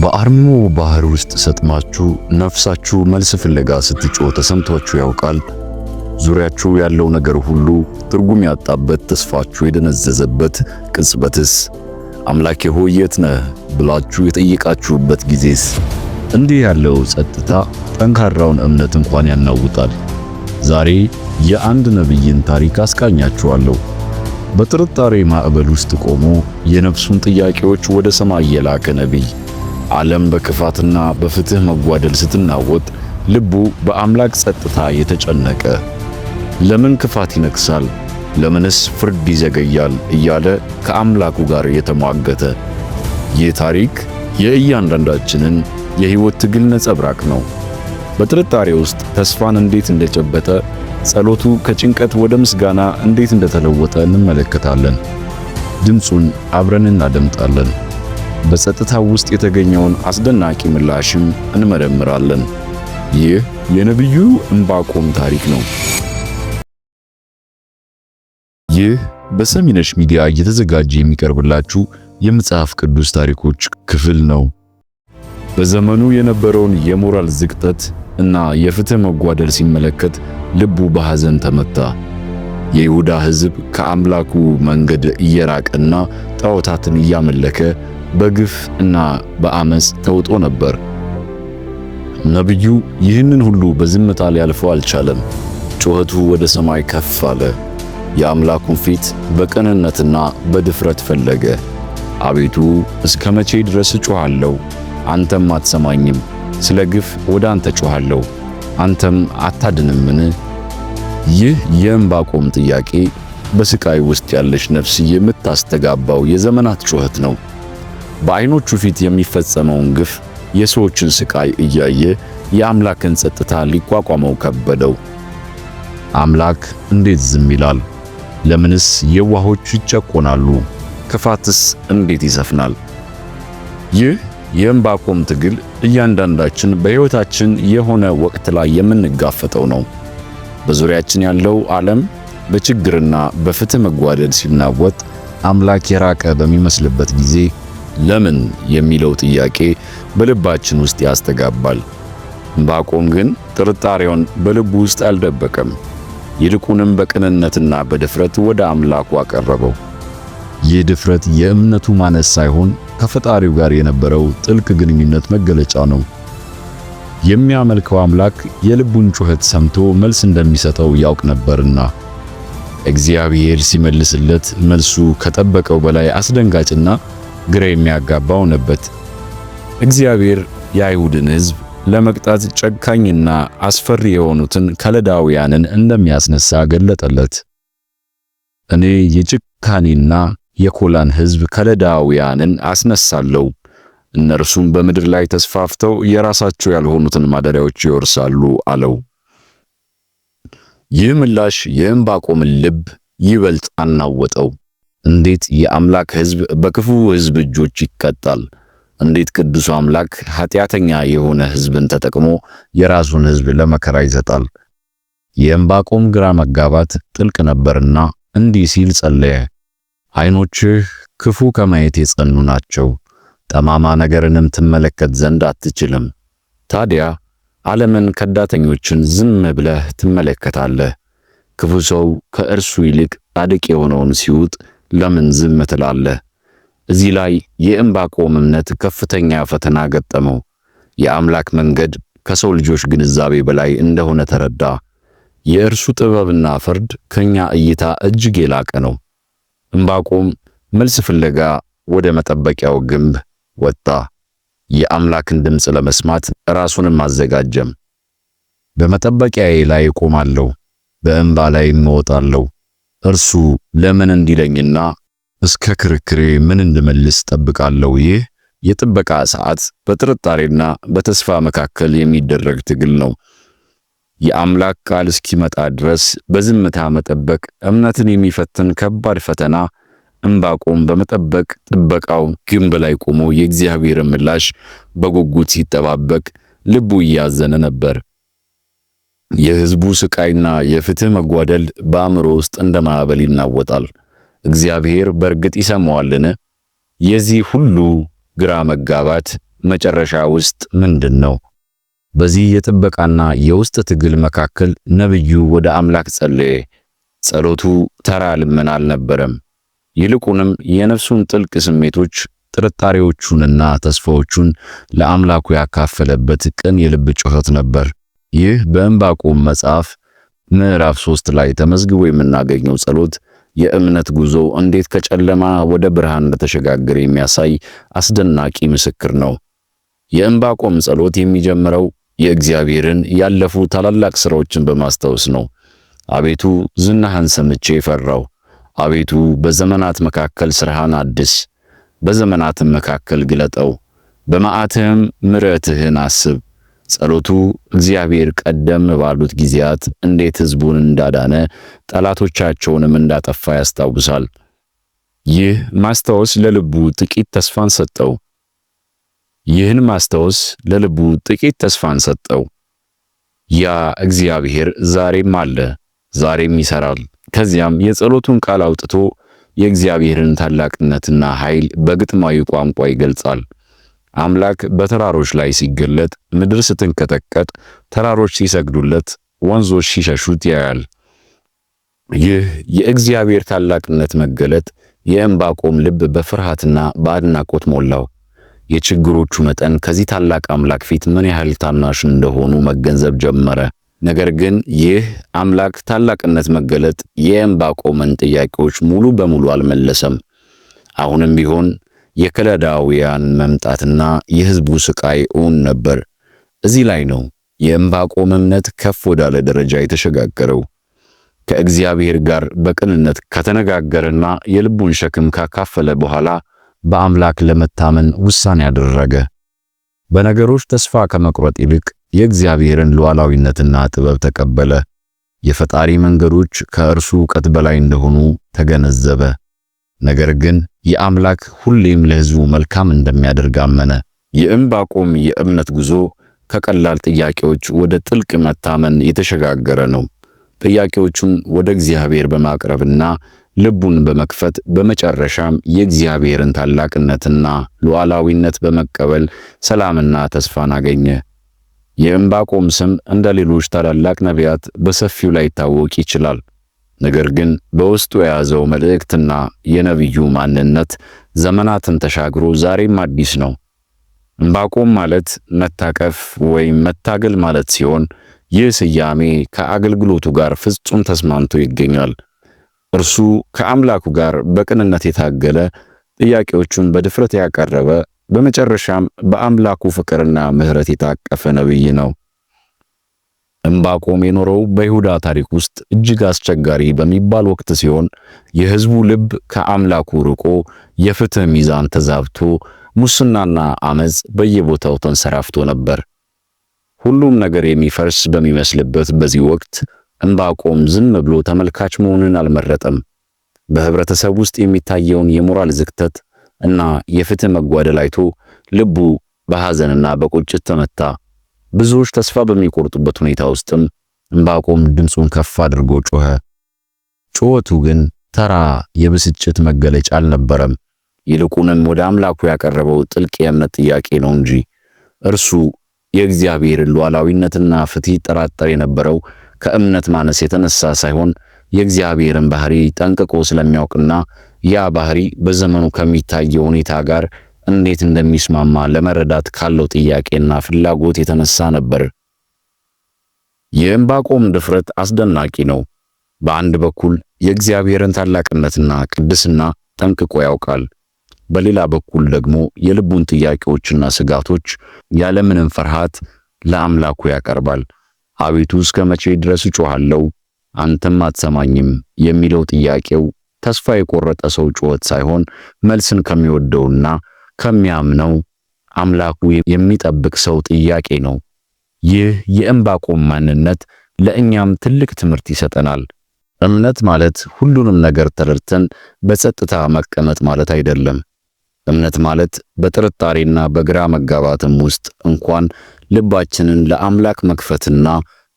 በአርምሞ ባህር ውስጥ ሰጥማችሁ ነፍሳችሁ መልስ ፍለጋ ስትጮህ ተሰምቷችሁ ያውቃል? ዙሪያችሁ ያለው ነገር ሁሉ ትርጉም ያጣበት፣ ተስፋችሁ የደነዘዘበት ቅጽበትስ? አምላኬ ሆይ የት ነህ ብላችሁ የጠየቃችሁበት ጊዜስ? እንዲህ ያለው ጸጥታ ጠንካራውን እምነት እንኳን ያናውጣል። ዛሬ የአንድ ነብይን ታሪክ አስቃኛችኋለሁ። በጥርጣሬ ማዕበል ውስጥ ቆሞ የነፍሱን ጥያቄዎች ወደ ሰማይ የላከ ነብይ ዓለም በክፋትና በፍትህ መጓደል ስትናወጥ ልቡ በአምላክ ጸጥታ የተጨነቀ ለምን ክፋት ይነክሳል ለምንስ ፍርድ ይዘገያል? እያለ ከአምላኩ ጋር የተሟገተ ይህ ታሪክ የእያንዳንዳችንን የሕይወት ትግል ነጸብራቅ ነው። በጥርጣሬ ውስጥ ተስፋን እንዴት እንደጨበጠ፣ ጸሎቱ ከጭንቀት ወደ ምስጋና እንዴት እንደተለወጠ እንመለከታለን። ድምፁን አብረን እናደምጣለን። በጸጥታው ውስጥ የተገኘውን አስደናቂ ምላሽም እንመረምራለን። ይህ የነቢዩ እምባቆም ታሪክ ነው። ይህ በሰሚነሽ ሚዲያ እየተዘጋጀ የሚቀርብላችሁ የመጽሐፍ ቅዱስ ታሪኮች ክፍል ነው። በዘመኑ የነበረውን የሞራል ዝቅጠት እና የፍትህ መጓደል ሲመለከት ልቡ በሐዘን ተመታ። የይሁዳ ሕዝብ ከአምላኩ መንገድ እየራቀና ጣዖታትን እያመለከ በግፍ እና በአመጽ ተውጦ ነበር። ነቢዩ ይህንን ሁሉ በዝምታ ሊያልፈው አልቻለም። ጩኸቱ ወደ ሰማይ ከፍ አለ። የአምላኩን ፊት በቅንነትና በድፍረት ፈለገ። አቤቱ እስከ መቼ ድረስ እጮኻለሁ? አንተም አትሰማኝም። ስለ ግፍ ወደ አንተ ጮኻለሁ፣ አንተም አታድንምን? ይህ የዕንባቆም ጥያቄ በስቃይ ውስጥ ያለች ነፍስ የምታስተጋባው የዘመናት ጩኸት ነው። በአይኖቹ ፊት የሚፈጸመውን ግፍ፣ የሰዎችን ስቃይ እያየ የአምላክን ጸጥታ ሊቋቋመው ከበደው። አምላክ እንዴት ዝም ይላል? ለምንስ የዋሆች ይጨቆናሉ? ክፋትስ እንዴት ይሰፍናል? ይህ የእምባቆም ትግል እያንዳንዳችን በሕይወታችን የሆነ ወቅት ላይ የምንጋፈጠው ነው። በዙሪያችን ያለው ዓለም በችግርና በፍትሕ መጓደል ሲናወጥ አምላክ የራቀ በሚመስልበት ጊዜ ለምን የሚለው ጥያቄ በልባችን ውስጥ ያስተጋባል። ዕንባቆም ግን ጥርጣሬውን በልቡ ውስጥ አልደበቀም። ይልቁንም በቅንነትና በድፍረት ወደ አምላኩ አቀረበው። ይህ ድፍረት የእምነቱ ማነስ ሳይሆን ከፈጣሪው ጋር የነበረው ጥልቅ ግንኙነት መገለጫ ነው። የሚያመልከው አምላክ የልቡን ጩኸት ሰምቶ መልስ እንደሚሰጠው ያውቅ ነበርና እግዚአብሔር ሲመልስለት መልሱ ከጠበቀው በላይ አስደንጋጭና ግራ የሚያጋባ ሆነበት። እግዚአብሔር የአይሁድን ሕዝብ ለመቅጣት ጨካኝና አስፈሪ የሆኑትን ከለዳውያንን እንደሚያስነሳ ገለጠለት። እኔ የጭካኔና የኮላን ሕዝብ ከለዳውያንን አስነሳለሁ፣ እነርሱም በምድር ላይ ተስፋፍተው የራሳቸው ያልሆኑትን ማደሪያዎች ይወርሳሉ አለው። ይህ ምላሽ የዕንባቆምን ልብ ይበልጥ አናወጠው። እንዴት የአምላክ ሕዝብ በክፉ ሕዝብ እጆች ይቀጣል? እንዴት ቅዱሱ አምላክ ኃጢአተኛ የሆነ ሕዝብን ተጠቅሞ የራሱን ሕዝብ ለመከራ ይሰጣል? የእምባቆም ግራ መጋባት ጥልቅ ነበርና እንዲህ ሲል ጸለየ። ዓይኖችህ ክፉ ከማየት የጸኑ ናቸው፣ ጠማማ ነገርንም ትመለከት ዘንድ አትችልም። ታዲያ ዓለምን ከዳተኞችን ዝም ብለህ ትመለከታለህ። ክፉ ሰው ከእርሱ ይልቅ ጻድቅ የሆነውን ሲውጥ ለምን ዝም ትላለህ? እዚህ ላይ የዕንባቆም እምነት ከፍተኛ ፈተና ገጠመው። የአምላክ መንገድ ከሰው ልጆች ግንዛቤ በላይ እንደሆነ ተረዳ። የእርሱ ጥበብና ፍርድ ከኛ እይታ እጅግ የላቀ ነው። ዕንባቆም መልስ ፍለጋ ወደ መጠበቂያው ግንብ ወጣ። የአምላክን ድምፅ ለመስማት ራሱንም አዘጋጀም። በመጠበቂያዬ ላይ እቆማለሁ፣ በእንባ ላይ እወጣለሁ እርሱ ለምን እንዲለኝና እስከ ክርክሬ ምን እንድመልስ ጠብቃለሁ። ይህ የጥበቃ ሰዓት በጥርጣሬና በተስፋ መካከል የሚደረግ ትግል ነው። የአምላክ ቃል እስኪመጣ ድረስ በዝምታ መጠበቅ እምነትን የሚፈትን ከባድ ፈተና። እንባቆም በመጠበቅ ጥበቃው ግንብ ላይ ቆሞ የእግዚአብሔርን ምላሽ በጉጉት ሲጠባበቅ ልቡ እያዘነ ነበር። የህዝቡ ስቃይና የፍትህ መጓደል በአእምሮ ውስጥ እንደ ማዕበል ይናወጣል። እግዚአብሔር በእርግጥ ይሰማዋልን? የዚህ ሁሉ ግራ መጋባት መጨረሻ ውስጥ ምንድን ነው? በዚህ የጥበቃና የውስጥ ትግል መካከል ነብዩ ወደ አምላክ ጸለየ። ጸሎቱ ተራ ልመና አልነበረም። ይልቁንም የነፍሱን ጥልቅ ስሜቶች፣ ጥርጣሬዎቹንና ተስፋዎቹን ለአምላኩ ያካፈለበት ቅን የልብ ጩኸት ነበር። ይህ በዕንባቆም መጽሐፍ ምዕራፍ 3 ላይ ተመዝግቦ የምናገኘው ጸሎት የእምነት ጉዞ እንዴት ከጨለማ ወደ ብርሃን እንደተሸጋገረ የሚያሳይ አስደናቂ ምስክር ነው። የዕንባቆም ጸሎት የሚጀምረው የእግዚአብሔርን ያለፉ ታላላቅ ሥራዎችን በማስታወስ ነው። አቤቱ ዝናህን ሰምቼ ይፈራው አቤቱ በዘመናት መካከል ሥራህን አድስ፣ በዘመናትም መካከል ግለጠው፣ በመዓትህም ምሕረትህን አስብ ጸሎቱ እግዚአብሔር ቀደም ባሉት ጊዜያት እንዴት ሕዝቡን እንዳዳነ ጠላቶቻቸውንም እንዳጠፋ ያስታውሳል። ይህ ማስታወስ ለልቡ ጥቂት ተስፋን ሰጠው። ይህን ማስታወስ ለልቡ ጥቂት ተስፋን ሰጠው። ያ እግዚአብሔር ዛሬም አለ፣ ዛሬም ይሰራል። ከዚያም የጸሎቱን ቃል አውጥቶ የእግዚአብሔርን ታላቅነትና ኃይል በግጥማዊ ቋንቋ ይገልጻል። አምላክ በተራሮች ላይ ሲገለጥ፣ ምድር ስትንቀጠቀጥ፣ ተራሮች ሲሰግዱለት፣ ወንዞች ሲሸሹት ያያል። ይህ የእግዚአብሔር ታላቅነት መገለጥ የእምባቆም ልብ በፍርሃትና በአድናቆት ሞላው። የችግሮቹ መጠን ከዚህ ታላቅ አምላክ ፊት ምን ያህል ታናሽ እንደሆኑ መገንዘብ ጀመረ። ነገር ግን ይህ አምላክ ታላቅነት መገለጥ የዕንባቆምን ጥያቄዎች ሙሉ በሙሉ አልመለሰም። አሁንም ቢሆን የከለዳውያን መምጣትና የሕዝቡ ስቃይ እውን ነበር። እዚህ ላይ ነው የዕንባቆም እምነት ከፍ ወዳለ ደረጃ የተሸጋገረው። ከእግዚአብሔር ጋር በቅንነት ከተነጋገረና የልቡን ሸክም ካካፈለ በኋላ በአምላክ ለመታመን ውሳኔ ያደረገ። በነገሮች ተስፋ ከመቁረጥ ይልቅ የእግዚአብሔርን ሉዓላዊነትና ጥበብ ተቀበለ። የፈጣሪ መንገዶች ከእርሱ እውቀት በላይ እንደሆኑ ተገነዘበ። ነገር ግን የአምላክ ሁሌም ለሕዝቡ መልካም እንደሚያደርግ አመነ። የዕንባቆም የእምነት ጉዞ ከቀላል ጥያቄዎች ወደ ጥልቅ መታመን የተሸጋገረ ነው። ጥያቄዎቹን ወደ እግዚአብሔር በማቅረብና ልቡን በመክፈት በመጨረሻም የእግዚአብሔርን ታላቅነትና ሉዓላዊነት በመቀበል ሰላምና ተስፋን አገኘ። የዕንባቆም ስም እንደ ሌሎች ታላላቅ ነቢያት በሰፊው ላይ ይታወቅ ይችላል። ነገር ግን በውስጡ የያዘው መልእክትና የነቢዩ ማንነት ዘመናትን ተሻግሮ ዛሬም አዲስ ነው። እንባቆም ማለት መታቀፍ ወይም መታገል ማለት ሲሆን ይህ ስያሜ ከአገልግሎቱ ጋር ፍጹም ተስማምቶ ይገኛል። እርሱ ከአምላኩ ጋር በቅንነት የታገለ፣ ጥያቄዎቹን በድፍረት ያቀረበ፣ በመጨረሻም በአምላኩ ፍቅርና ምሕረት የታቀፈ ነቢይ ነው። እምባቆም የኖረው በይሁዳ ታሪክ ውስጥ እጅግ አስቸጋሪ በሚባል ወቅት ሲሆን የሕዝቡ ልብ ከአምላኩ ርቆ የፍትህ ሚዛን ተዛብቶ ሙስናና አመፅ በየቦታው ተንሰራፍቶ ነበር። ሁሉም ነገር የሚፈርስ በሚመስልበት በዚህ ወቅት እምባቆም ዝም ብሎ ተመልካች መሆንን አልመረጠም። በህብረተሰብ ውስጥ የሚታየውን የሞራል ዝክተት እና የፍትህ መጓደል አይቶ ልቡ በሐዘንና በቁጭት ተመታ። ብዙዎች ተስፋ በሚቆርጡበት ሁኔታ ውስጥም ዕንባቆም ድምፁን ከፍ አድርጎ ጮኸ። ጩኸቱ ግን ተራ የብስጭት መገለጫ አልነበረም። ይልቁንም ወደ አምላኩ ያቀረበው ጥልቅ የእምነት ጥያቄ ነው እንጂ። እርሱ የእግዚአብሔርን ሉዓላዊነትና ፍትህ ይጠራጠር የነበረው ከእምነት ማነስ የተነሳ ሳይሆን የእግዚአብሔርን ባህሪ ጠንቅቆ ስለሚያውቅና ያ ባህሪ በዘመኑ ከሚታየው ሁኔታ ጋር እንዴት እንደሚስማማ ለመረዳት ካለው ጥያቄና ፍላጎት የተነሳ ነበር። የዕንባቆም ድፍረት አስደናቂ ነው። በአንድ በኩል የእግዚአብሔርን ታላቅነትና ቅድስና ጠንቅቆ ያውቃል። በሌላ በኩል ደግሞ የልቡን ጥያቄዎችና ስጋቶች ያለምንም ፍርሃት ለአምላኩ ያቀርባል። አቤቱ እስከ መቼ ድረስ እጮሃለሁ አንተም አትሰማኝም የሚለው ጥያቄው ተስፋ የቆረጠ ሰው ጩኸት ሳይሆን መልስን ከሚወደውና ከሚያምነው አምላኩ የሚጠብቅ ሰው ጥያቄ ነው። ይህ የዕንባቆም ማንነት ለእኛም ትልቅ ትምህርት ይሰጠናል። እምነት ማለት ሁሉንም ነገር ተረድተን በጸጥታ መቀመጥ ማለት አይደለም። እምነት ማለት በጥርጣሬና በግራ መጋባትም ውስጥ እንኳን ልባችንን ለአምላክ መክፈትና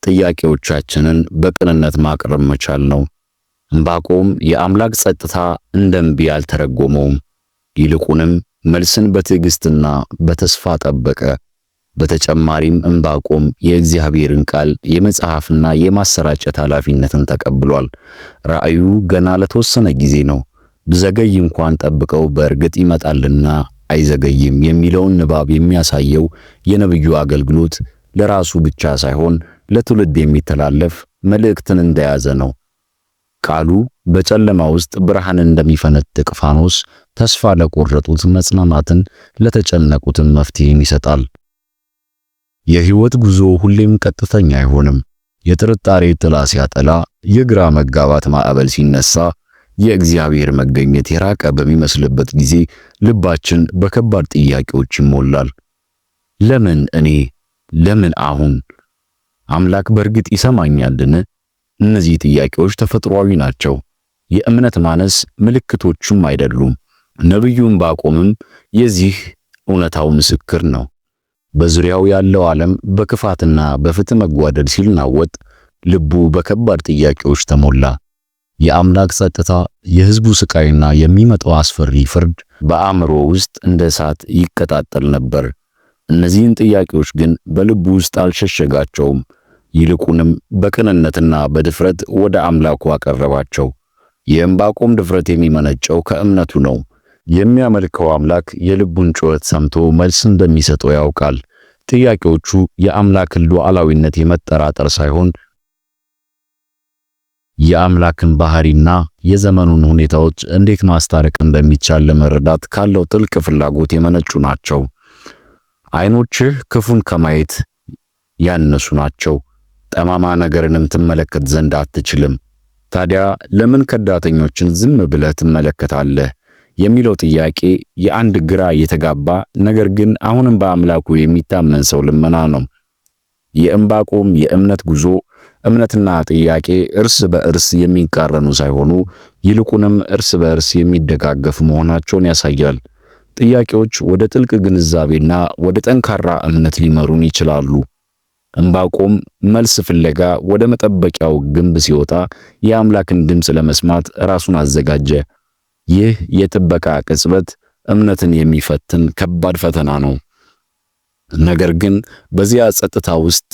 ጥያቄዎቻችንን በቅንነት ማቅረብ መቻል ነው። ዕንባቆም የአምላክ ጸጥታ እንደ እምቢ አልተረጎመውም። ይልቁንም መልስን በትዕግስትና በተስፋ ጠበቀ። በተጨማሪም እንባቆም የእግዚአብሔርን ቃል የመጽሐፍና የማሰራጨት ኃላፊነትን ተቀብሏል። ራእዩ ገና ለተወሰነ ጊዜ ነው፣ ብዘገይ እንኳን ጠብቀው በእርግጥ ይመጣልና አይዘገይም የሚለውን ንባብ የሚያሳየው የነብዩ አገልግሎት ለራሱ ብቻ ሳይሆን ለትውልድ የሚተላለፍ መልእክትን እንደያዘ ነው። ቃሉ በጨለማ ውስጥ ብርሃን እንደሚፈነጥቅ ፋኖስ ተስፋ ለቆረጡት መጽናናትን፣ ለተጨነቁትም መፍትሄን ይሰጣል። የህይወት ጉዞ ሁሌም ቀጥተኛ አይሆንም። የጥርጣሬ ጥላ ሲያጠላ፣ የግራ መጋባት ማዕበል ሲነሳ፣ የእግዚአብሔር መገኘት የራቀ በሚመስልበት ጊዜ ልባችን በከባድ ጥያቄዎች ይሞላል። ለምን እኔ? ለምን አሁን? አምላክ በእርግጥ ይሰማኛልን? እነዚህ ጥያቄዎች ተፈጥሯዊ ናቸው። የእምነት ማነስ ምልክቶቹም አይደሉም። ነቢዩ ዕንባቆምም የዚህ እውነታው ምስክር ነው። በዙሪያው ያለው ዓለም በክፋትና በፍትህ መጓደል ሲናወጥ፣ ልቡ በከባድ ጥያቄዎች ተሞላ። የአምላክ ጸጥታ፣ የህዝቡ ስቃይና የሚመጣው አስፈሪ ፍርድ በአእምሮ ውስጥ እንደ እሳት ይቀጣጠል ነበር። እነዚህን ጥያቄዎች ግን በልቡ ውስጥ አልሸሸጋቸውም። ይልቁንም በቅንነትና በድፍረት ወደ አምላኩ አቀረባቸው። የእምባቆም ድፍረት የሚመነጨው ከእምነቱ ነው። የሚያመልከው አምላክ የልቡን ጩኸት ሰምቶ መልስ እንደሚሰጠው ያውቃል። ጥያቄዎቹ የአምላክን ሉዓላዊነት የመጠራጠር ሳይሆን የአምላክን ባህሪና የዘመኑን ሁኔታዎች እንዴት ማስታረቅ እንደሚቻል ለመረዳት ካለው ጥልቅ ፍላጎት የመነጩ ናቸው። ዓይኖችህ ክፉን ከማየት ያነሱ ናቸው፣ ጠማማ ነገርንም ትመለከት ዘንድ አትችልም። ታዲያ ለምን ከዳተኞችን ዝም ብለህ ትመለከታለህ? የሚለው ጥያቄ የአንድ ግራ የተጋባ ነገር ግን አሁንም በአምላኩ የሚታመን ሰው ልመና ነው። የእምባቆም የእምነት ጉዞ እምነትና ጥያቄ እርስ በእርስ የሚቃረኑ ሳይሆኑ ይልቁንም እርስ በእርስ የሚደጋገፉ መሆናቸውን ያሳያል። ጥያቄዎች ወደ ጥልቅ ግንዛቤና ወደ ጠንካራ እምነት ሊመሩን ይችላሉ። ዕንባቆም መልስ ፍለጋ ወደ መጠበቂያው ግንብ ሲወጣ የአምላክን ድምፅ ለመስማት ራሱን አዘጋጀ። ይህ የጥበቃ ቅጽበት እምነትን የሚፈትን ከባድ ፈተና ነው። ነገር ግን በዚያ ጸጥታ ውስጥ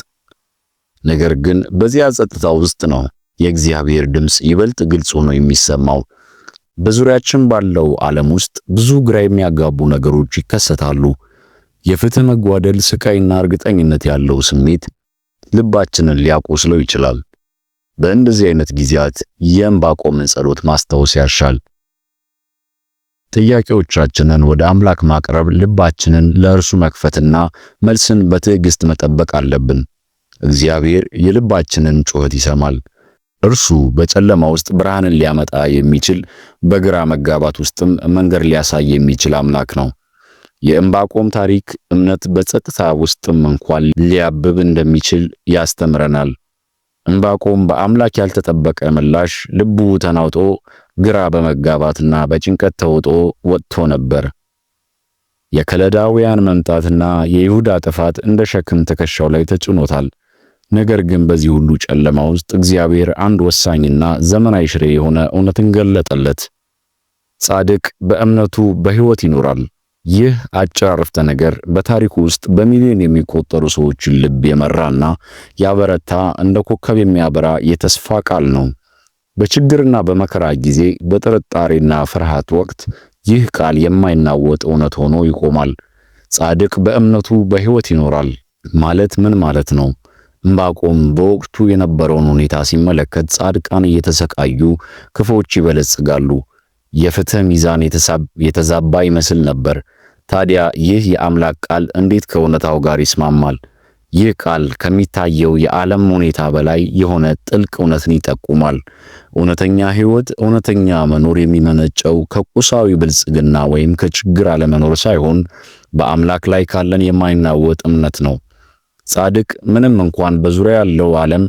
ነገር ግን በዚያ ጸጥታ ውስጥ ነው የእግዚአብሔር ድምፅ ይበልጥ ግልጽ ሆኖ የሚሰማው። በዙሪያችን ባለው ዓለም ውስጥ ብዙ ግራ የሚያጋቡ ነገሮች ይከሰታሉ። የፍትህ መጓደል ስቃይና እርግጠኝነት ያለው ስሜት ልባችንን ሊያቆስለው ይችላል። በእንደዚህ አይነት ጊዜያት የእንባ ጸሎት ማስታወስ ያሻል። ጥያቄዎቻችንን ወደ አምላክ ማቅረብ፣ ልባችንን ለእርሱ መክፈትና መልስን በትዕግስት መጠበቅ አለብን። እግዚአብሔር የልባችንን ጩኸት ይሰማል። እርሱ በጨለማ ውስጥ ብርሃንን ሊያመጣ የሚችል በግራ መጋባት ውስጥም መንገድ ሊያሳይ የሚችል አምላክ ነው። የእምባቆም ታሪክ እምነት በጸጥታ ውስጥም እንኳን ሊያብብ እንደሚችል ያስተምረናል። እምባቆም በአምላክ ያልተጠበቀ ምላሽ ልቡ ተናውጦ ግራ በመጋባትና በጭንቀት ተውጦ ወጥቶ ነበር። የከለዳውያን መምጣትና የይሁዳ ጥፋት እንደ ሸክም ትከሻው ላይ ተጭኖታል። ነገር ግን በዚህ ሁሉ ጨለማ ውስጥ እግዚአብሔር አንድ ወሳኝና ዘመናዊ ሽሬ የሆነ እውነትን ገለጠለት። ጻድቅ በእምነቱ በሕይወት ይኖራል። ይህ አጭር አረፍተ ነገር በታሪክ ውስጥ በሚሊዮን የሚቆጠሩ ሰዎችን ልብ የመራና ያበረታ እንደ ኮከብ የሚያበራ የተስፋ ቃል ነው። በችግርና በመከራ ጊዜ፣ በጥርጣሬና ፍርሃት ወቅት ይህ ቃል የማይናወጥ እውነት ሆኖ ይቆማል። ጻድቅ በእምነቱ በሕይወት ይኖራል ማለት ምን ማለት ነው? ዕንባቆም በወቅቱ የነበረውን ሁኔታ ሲመለከት ጻድቃን እየተሰቃዩ፣ ክፎች ይበለጽጋሉ። የፍትህ ሚዛን የተዛባ ይመስል ነበር። ታዲያ ይህ የአምላክ ቃል እንዴት ከእውነታው ጋር ይስማማል? ይህ ቃል ከሚታየው የዓለም ሁኔታ በላይ የሆነ ጥልቅ እውነትን ይጠቁማል። እውነተኛ ሕይወት፣ እውነተኛ መኖር የሚመነጨው ከቁሳዊ ብልጽግና ወይም ከችግር አለመኖር ሳይሆን በአምላክ ላይ ካለን የማይናወጥ እምነት ነው። ጻድቅ ምንም እንኳን በዙሪያ ያለው ዓለም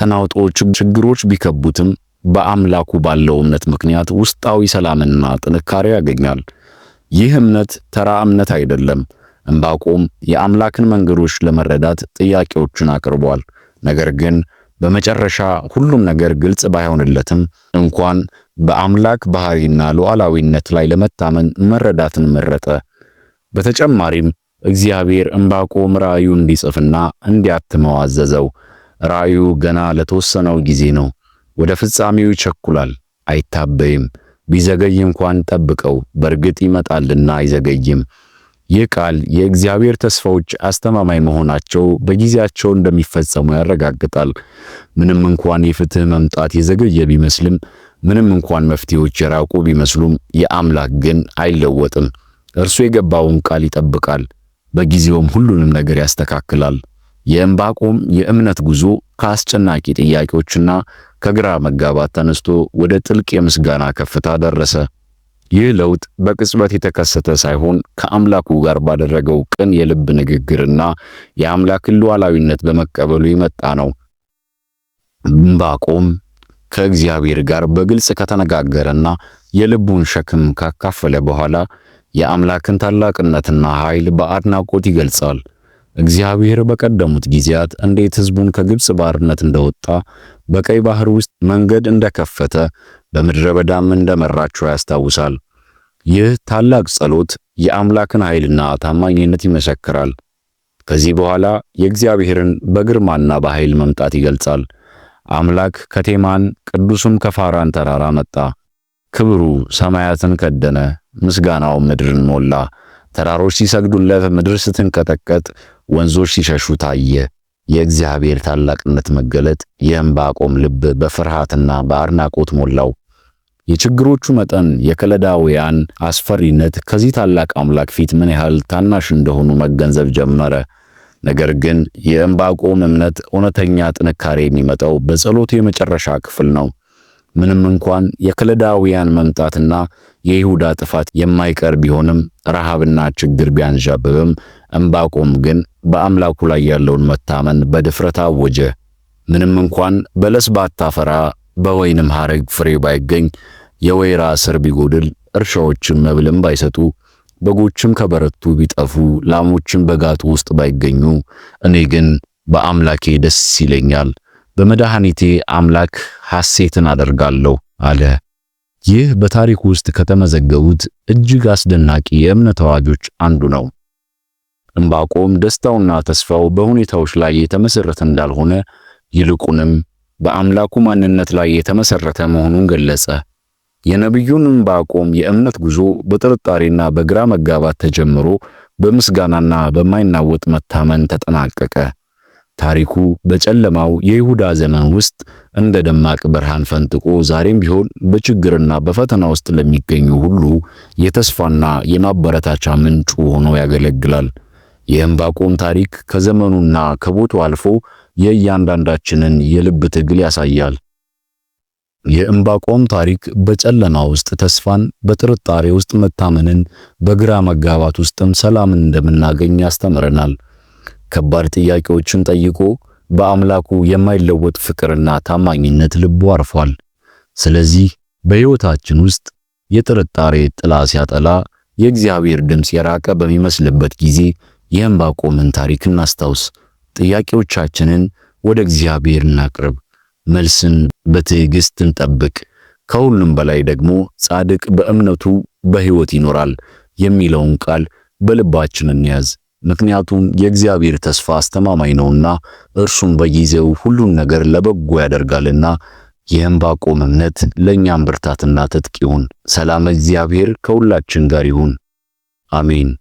ተናውጦ ችግሮች ቢከቡትም በአምላኩ ባለው እምነት ምክንያት ውስጣዊ ሰላምና ጥንካሬ ያገኛል። ይህ እምነት ተራ እምነት አይደለም። እምባቆም የአምላክን መንገዶች ለመረዳት ጥያቄዎችን አቅርቧል። ነገር ግን በመጨረሻ ሁሉም ነገር ግልጽ ባይሆንለትም እንኳን በአምላክ ባህሪና ሉዓላዊነት ላይ ለመታመን መረዳትን መረጠ። በተጨማሪም እግዚአብሔር እንባቆ ራእዩ እንዲጽፍና እንዲያትመው አዘዘው። ራእዩ ገና ለተወሰነው ጊዜ ነው። ወደ ፍጻሜው ይቸኩላል፣ አይታበይም። ቢዘገይ እንኳን ጠብቀው፣ በእርግጥ ይመጣልና አይዘገይም። ይህ ቃል የእግዚአብሔር ተስፋዎች አስተማማኝ መሆናቸው በጊዜያቸው እንደሚፈጸሙ ያረጋግጣል። ምንም እንኳን የፍትህ መምጣት የዘገየ ቢመስልም፣ ምንም እንኳን መፍትሄዎች የራቁ ቢመስሉም፣ የአምላክ ግን አይለወጥም። እርሱ የገባውን ቃል ይጠብቃል፣ በጊዜውም ሁሉንም ነገር ያስተካክላል። የዕንባቆም የእምነት ጉዞ ከአስጨናቂ ጥያቄዎችና ከግራ መጋባት ተነስቶ ወደ ጥልቅ የምስጋና ከፍታ ደረሰ። ይህ ለውጥ በቅጽበት የተከሰተ ሳይሆን ከአምላኩ ጋር ባደረገው ቅን የልብ ንግግርና የአምላክን ሉዓላዊነት በመቀበሉ የመጣ ነው። ባቆም ከእግዚአብሔር ጋር በግልጽ ከተነጋገረና የልቡን ሸክም ካካፈለ በኋላ የአምላክን ታላቅነትና ኃይል በአድናቆት ይገልጻል። እግዚአብሔር በቀደሙት ጊዜያት እንዴት ሕዝቡን ከግብፅ ባርነት እንደወጣ በቀይ ባህር ውስጥ መንገድ እንደከፈተ በምድረ በዳም እንደመራቸው ያስታውሳል። ይህ ታላቅ ጸሎት የአምላክን ኃይልና ታማኝነት ይመሰክራል። ከዚህ በኋላ የእግዚአብሔርን በግርማና በኃይል መምጣት ይገልጻል። አምላክ ከቴማን ቅዱሱም ከፋራን ተራራ መጣ። ክብሩ ሰማያትን ከደነ፣ ምስጋናው ምድርን ሞላ። ተራሮች ሲሰግዱለት፣ ምድር ስትንቀጠቀጥ ወንዞች ሲሸሹ ታየ። የእግዚአብሔር ታላቅነት መገለጥ የዕንባቆም ልብ በፍርሃትና በአድናቆት ሞላው። የችግሮቹ መጠን፣ የከለዳውያን አስፈሪነት ከዚህ ታላቅ አምላክ ፊት ምን ያህል ታናሽ እንደሆኑ መገንዘብ ጀመረ። ነገር ግን የዕንባቆም እምነት እውነተኛ ጥንካሬ የሚመጣው በጸሎቱ የመጨረሻ ክፍል ነው። ምንም እንኳን የከለዳውያን መምጣትና የይሁዳ ጥፋት የማይቀር ቢሆንም፣ ረሃብና ችግር ቢያንዣብብም እምባቆም ግን በአምላኩ ላይ ያለውን መታመን በድፍረት አወጀ። ምንም እንኳን በለስ ባታፈራ፣ በወይንም ሐረግ ፍሬ ባይገኝ፣ የወይራ ስር ቢጎድል፣ እርሻዎችም መብልም ባይሰጡ፣ በጎችም ከበረቱ ቢጠፉ፣ ላሞችም በጋቱ ውስጥ ባይገኙ፣ እኔ ግን በአምላኬ ደስ ይለኛል፣ በመድኃኒቴ አምላክ ሐሴትን አደርጋለሁ አለ። ይህ በታሪክ ውስጥ ከተመዘገቡት እጅግ አስደናቂ የእምነት አዋጆች አንዱ ነው። እምባቆም ደስታውና ተስፋው በሁኔታዎች ላይ የተመሰረተ እንዳልሆነ ይልቁንም በአምላኩ ማንነት ላይ የተመሰረተ መሆኑን ገለጸ። የነቢዩን እምባቆም የእምነት ጉዞ በጥርጣሬና በግራ መጋባት ተጀምሮ በምስጋናና በማይናወጥ መታመን ተጠናቀቀ። ታሪኩ በጨለማው የይሁዳ ዘመን ውስጥ እንደ ደማቅ ብርሃን ፈንጥቆ ዛሬም ቢሆን በችግርና በፈተና ውስጥ ለሚገኙ ሁሉ የተስፋና የማበረታቻ ምንጭ ሆኖ ያገለግላል። የዕንባቆም ታሪክ ከዘመኑና ከቦታው አልፎ የእያንዳንዳችንን የልብ ትግል ያሳያል። የዕንባቆም ታሪክ በጨለማ ውስጥ ተስፋን፣ በጥርጣሬ ውስጥ መታመንን፣ በግራ መጋባት ውስጥም ሰላምን እንደምናገኝ ያስተምረናል። ከባድ ጥያቄዎችን ጠይቆ በአምላኩ የማይለወጥ ፍቅርና ታማኝነት ልቡ አርፏል። ስለዚህ በሕይወታችን ውስጥ የጥርጣሬ ጥላ ሲያጠላ የእግዚአብሔር ድምፅ የራቀ በሚመስልበት ጊዜ የዕንባቆምን ታሪክ እናስታውስ። ጥያቄዎቻችንን ወደ እግዚአብሔር እናቅርብ። መልስን በትዕግስት እንጠብቅ። ከሁሉም በላይ ደግሞ ጻድቅ በእምነቱ በሕይወት ይኖራል የሚለውን ቃል በልባችን እንያዝ። ምክንያቱም የእግዚአብሔር ተስፋ አስተማማኝ ነውና እርሱም በጊዜው ሁሉን ነገር ለበጎ ያደርጋልና። የዕንባቆም እምነት ለእኛም ብርታትና ትጥቅ ይሁን። ሰላም እግዚአብሔር ከሁላችን ጋር ይሁን። አሜን።